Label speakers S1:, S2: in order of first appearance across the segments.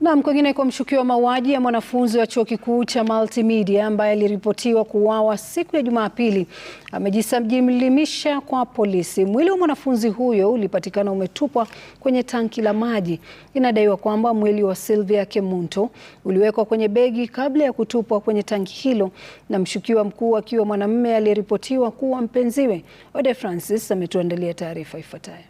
S1: Naam, kwingineko, mshukiwa wa mauaji ya mwanafunzi wa chuo kikuu cha Multimedia ambaye aliripotiwa kuuawa siku ya Jumapili amejisalimisha kwa polisi. Mwili wa mwanafunzi huyo ulipatikana umetupwa kwenye tanki la maji. Inadaiwa kwamba mwili wa Sylvia Kemunto uliwekwa kwenye begi kabla ya kutupwa kwenye tanki hilo, na mshukiwa mkuu akiwa mwanamume aliyeripotiwa kuwa mpenziwe. Ode Francis ametuandalia taarifa ifuatayo.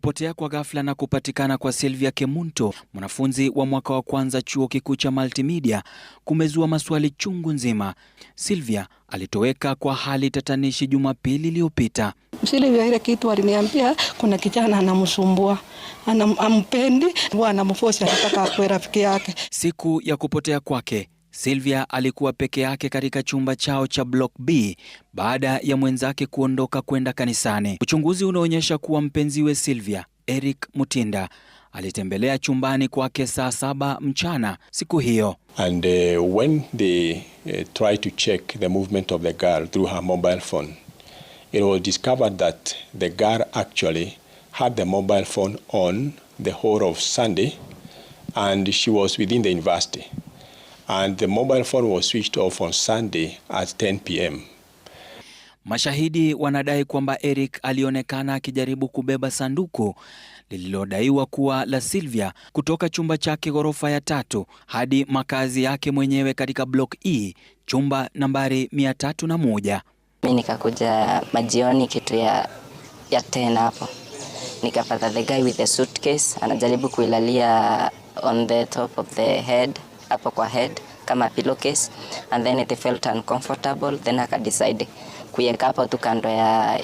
S2: Kupotea kwa ghafla na kupatikana kwa Sylvia Kemunto, mwanafunzi wa mwaka wa kwanza chuo kikuu cha Multimedia, kumezua maswali chungu nzima. Sylvia alitoweka kwa hali tatanishi Jumapili iliyopita.
S3: Sylvia ile kitu aliniambia, kuna kijana anamsumbua, anampendi, huwa anamfosi, anataka akuwe rafiki yake.
S2: Siku ya kupotea kwake Silvia alikuwa peke yake katika chumba chao cha Block B baada ya mwenzake kuondoka kwenda kanisani. Uchunguzi unaonyesha kuwa mpenziwe Sylvia, Eric Mutinda, alitembelea chumbani kwake saa saba mchana siku hiyo.
S4: And uh, when they uh, to check the movement of the girl through her mobile phone, it was discovered that the girl actually had the mobile phone on the whole of Sunday and she was within the university and the mobile phone was switched off on Sunday at 10 pm.
S2: Mashahidi wanadai kwamba Eric alionekana akijaribu kubeba sanduku lililodaiwa kuwa la Sylvia kutoka chumba chake ghorofa ya tatu hadi makazi yake mwenyewe katika block E, chumba nambari 301.
S5: Mimi nikakuja majioni kitu ya ya tena hapo nikapata the guy with the suitcase anajaribu kuilalia on the top of the head hapo kwa head kama pillow case and then it felt uncomfortable then aka decide kuiweka hapo tu kando ya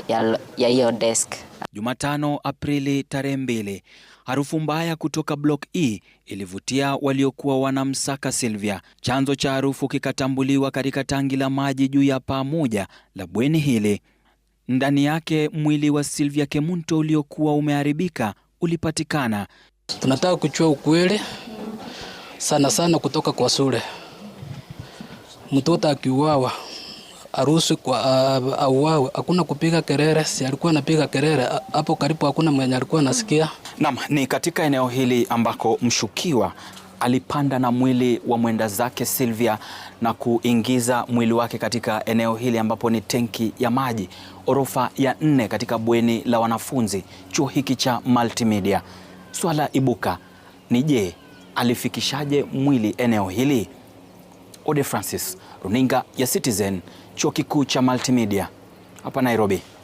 S5: ya hiyo desk.
S2: Jumatano Aprili tarehe mbili, harufu mbaya kutoka block E ilivutia waliokuwa wanamsaka Sylvia. Chanzo cha harufu kikatambuliwa katika tangi la maji juu ya paa moja la bweni hili. Ndani yake mwili wa Sylvia Kemunto uliokuwa umeharibika ulipatikana.
S6: Tunataka kuchua ukweli sana sana kutoka kwa shule. Mtoto akiuawa arusi kwa auawe, hakuna kupiga kelele, si alikuwa anapiga kelele hapo karibu, hakuna mwenye alikuwa anasikia.
S2: Naam, ni katika eneo hili ambako mshukiwa alipanda na mwili wa mwenda zake Sylvia na kuingiza mwili wake katika eneo hili ambapo ni tenki ya maji orofa ya nne katika bweni la wanafunzi chuo hiki cha Multimedia. Swala ibuka ni je, alifikishaje mwili eneo hili? Ode Francis, runinga ya Citizen, chuo kikuu cha Multimedia hapa Nairobi.